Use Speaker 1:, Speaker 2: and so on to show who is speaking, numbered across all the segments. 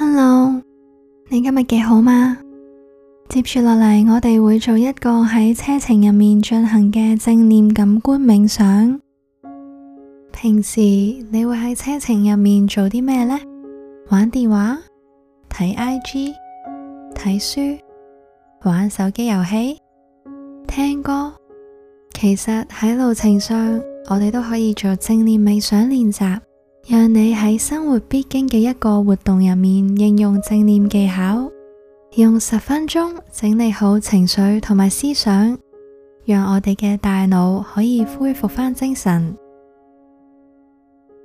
Speaker 1: Hello，你今日幾好嘛？接住落嚟，我哋會做一個喺車程入面進行嘅正念感官冥想。平時你會喺車程入面做啲咩呢？玩電話、睇 IG、睇書、玩手機遊戲、聽歌。其實喺路程上，我哋都可以做正念冥想練習。讓你喺生活必經嘅一個活動入面應用正念技巧，用十分鐘整理好情緒同埋思想，讓我哋嘅大腦可以恢復返精神。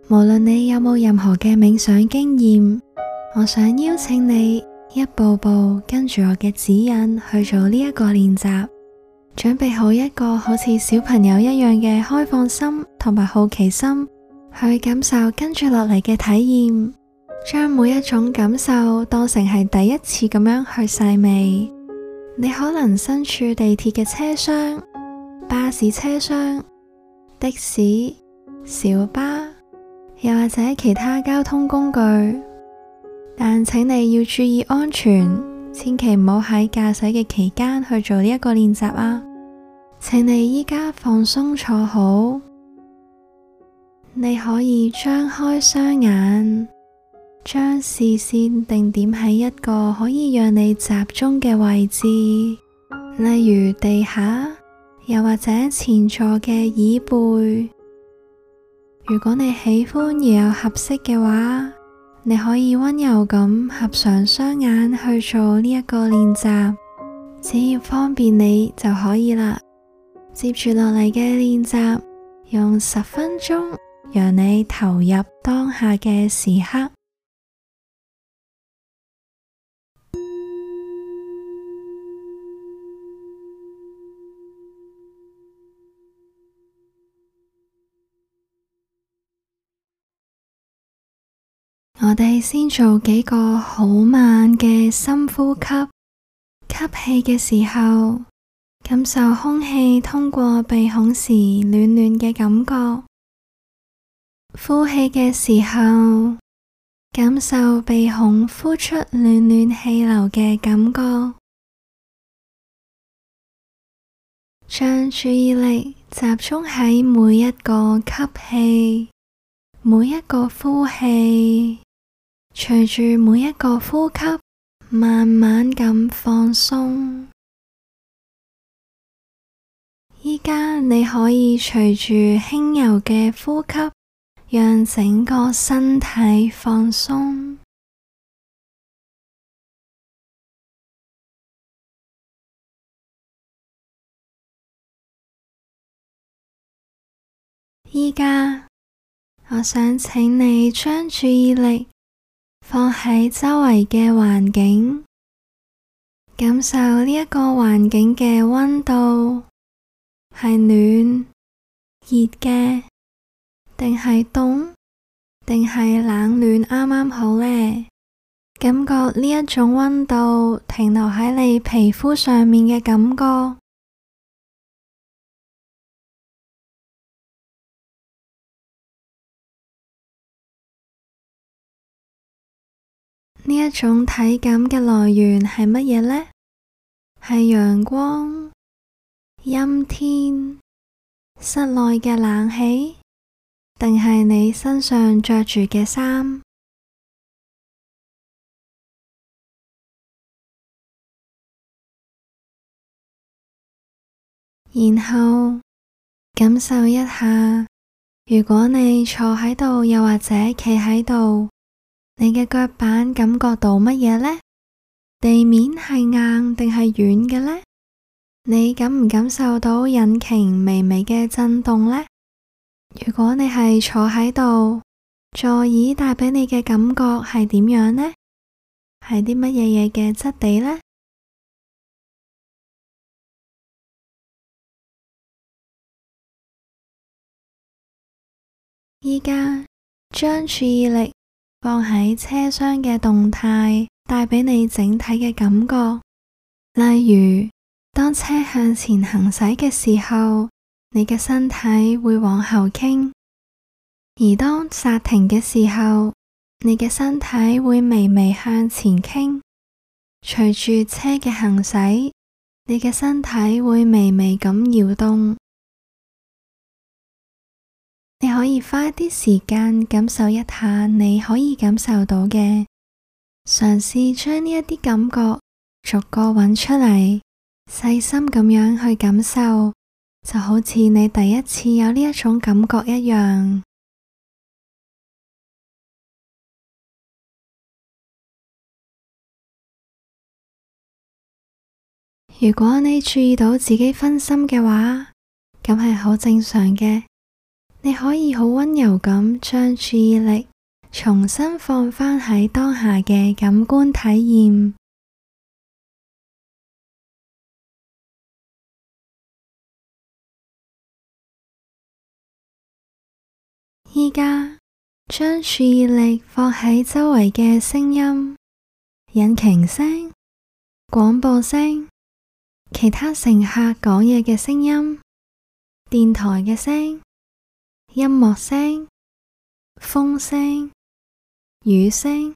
Speaker 1: 無論你有冇任何嘅冥想經驗，我想邀請你一步步跟住我嘅指引去做呢一個練習，準備好一個好似小朋友一樣嘅開放心同埋好奇心。去感受跟住落嚟嘅體驗，將每一種感受當成係第一次咁樣去細味。你可能身處地鐵嘅車廂、巴士車廂、的士、小巴，又或者其他交通工具，但請你要注意安全，千祈唔好喺駕駛嘅期間去做呢一個練習啊！請你依家放鬆坐好。你可以張開雙眼，將視線定點喺一個可以讓你集中嘅位置，例如地下，又或者前座嘅椅背。如果你喜歡而有合適嘅話，你可以溫柔咁合上雙眼去做呢一個練習，只要方便你就可以啦。接住落嚟嘅練習，用十分鐘。讓你投入當下嘅時刻。我哋先做幾個好慢嘅深呼吸，吸氣嘅時候，感受空氣通過鼻孔時暖暖嘅感覺。呼氣嘅時候，感受鼻孔呼出暖暖氣流嘅感覺，
Speaker 2: 將注意力集中喺
Speaker 1: 每一個吸氣、每一個呼氣，隨住每一個呼吸慢慢咁放鬆。
Speaker 2: 依家你可以隨住輕柔嘅呼吸。讓整個身體放
Speaker 3: 鬆。而家，我想請你將注意力
Speaker 2: 放喺周圍嘅環境，感受
Speaker 1: 呢一個環境嘅溫度，係暖熱嘅。定係凍，定係冷暖啱啱好呢？感覺呢一種溫度停留喺你皮
Speaker 3: 膚上面嘅感覺，呢一種體感嘅來源係乜嘢呢？
Speaker 1: 係陽光、陰天、室內嘅冷氣。定係你身上着住嘅衫，
Speaker 3: 然後感受
Speaker 1: 一下，如果你坐喺度，又或者企喺度，你嘅腳板感覺到乜嘢呢？地面係硬定係軟嘅呢？你感唔感受到引擎微微嘅震動呢？如果你係坐喺度，座椅帶畀你嘅感覺係點樣呢？係啲乜嘢嘢嘅質地呢？而
Speaker 3: 家將注意力放
Speaker 1: 喺車廂嘅動態帶畀你整體嘅感覺，例如當車向前行駛嘅時候。你嘅身體會往後傾，而當剎停嘅時候，你嘅身體會微微向前傾。隨住車嘅行駛，你嘅身體會微微咁搖動。你可以花啲時間感受一下，你可以感受到嘅，嘗試將呢一啲感覺逐個揾出嚟，細心咁樣去感受。就好似你第一次有
Speaker 3: 呢一種感覺一樣。
Speaker 1: 如果你注意到自己分心嘅話，咁係好正常嘅。你可以好溫柔咁將注意力重新放返喺當下嘅感官體驗。
Speaker 3: 而家將注意力放喺
Speaker 1: 周圍嘅聲音，引擎聲、廣播聲、其他乘客講嘢嘅聲音、電台嘅聲、
Speaker 2: 音樂聲、風聲、雨
Speaker 1: 聲，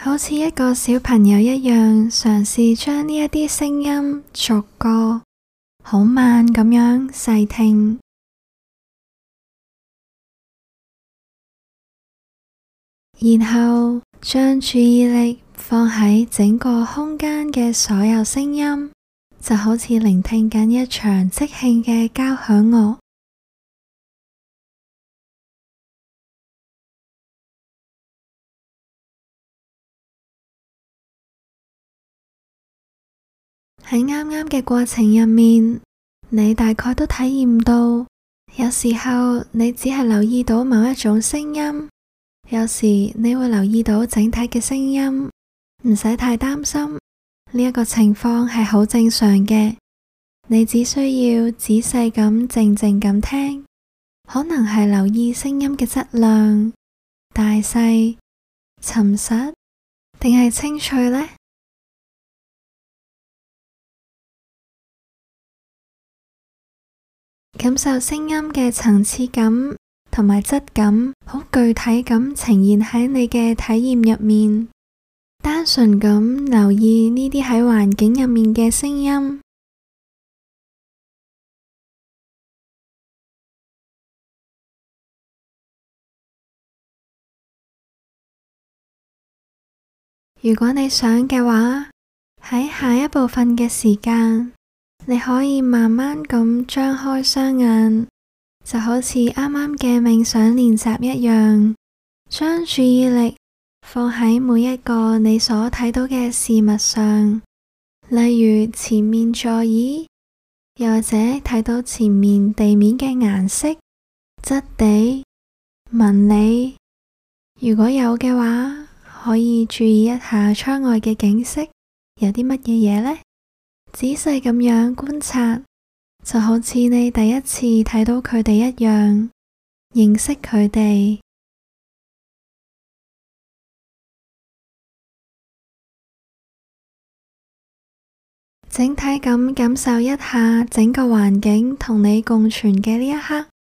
Speaker 1: 好似一個小朋友一樣，嘗試將呢一啲聲音逐個，好慢咁樣細聽。然後將注意力放喺整個空間嘅所有聲音，就好似聆聽緊一場即興嘅交響樂。喺啱啱嘅過程入面，你大概都體驗到，有時候你只係留意到某一種聲音。有時你會留意到整體嘅聲音，唔使太擔心，呢一個情況係好正常嘅。你只需要仔細咁、靜靜咁聽，可能係留意聲音嘅質量、大細、
Speaker 3: 沉實定係清脆呢？感受聲音嘅層次
Speaker 1: 感。同埋質感，好具體咁呈現喺你嘅體驗入面。單純咁留意呢啲喺環境入面
Speaker 3: 嘅聲音。
Speaker 1: 如果你想嘅話，喺下一部分嘅時間，你可以慢慢咁張開雙眼。就好似啱啱嘅冥想練習一樣，將注意力放喺每一個你所睇到嘅事物上，例如前面座椅，又或者睇到前面地面嘅顏色、質地、紋理。如果有嘅話，可以注意一下窗外嘅景色，有啲乜嘢嘢呢？仔細咁樣觀察。就好似你第一次睇到佢哋
Speaker 2: 一
Speaker 3: 樣，認識佢哋，
Speaker 2: 整體咁感受一下整個環境同你共存嘅呢一刻。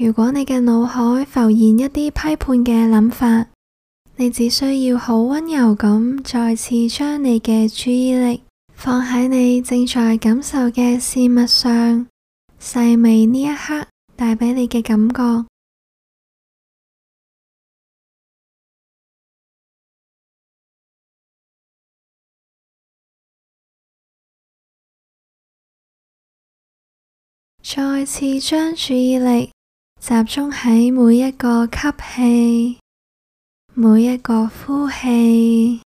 Speaker 1: 如果你嘅腦海浮現一啲批判嘅諗法，你只需要好溫柔咁，再次將你嘅注意力放喺你正在感受嘅事物上，細微呢一刻帶畀
Speaker 3: 你嘅感覺，再次將注意力。
Speaker 1: 集中喺每一個吸氣，每一個呼氣，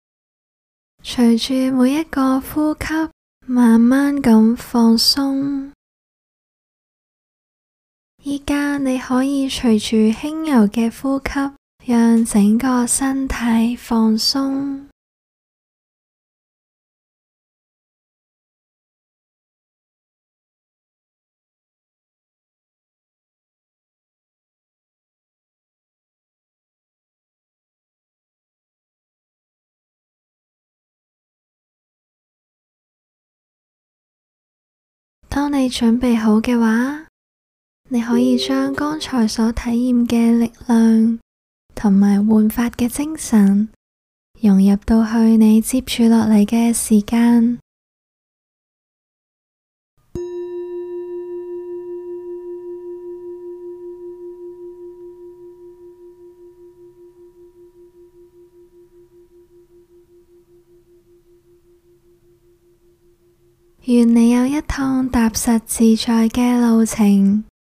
Speaker 1: 隨住每一個呼吸，慢慢咁放鬆。而家你可以隨住輕柔嘅呼吸，讓整個身體
Speaker 3: 放鬆。
Speaker 1: 當你準備好嘅話，你可以將剛才所體驗嘅力量同埋煥發嘅精神融入到去你接住落嚟嘅時間。願你有一趟踏實自在嘅路程。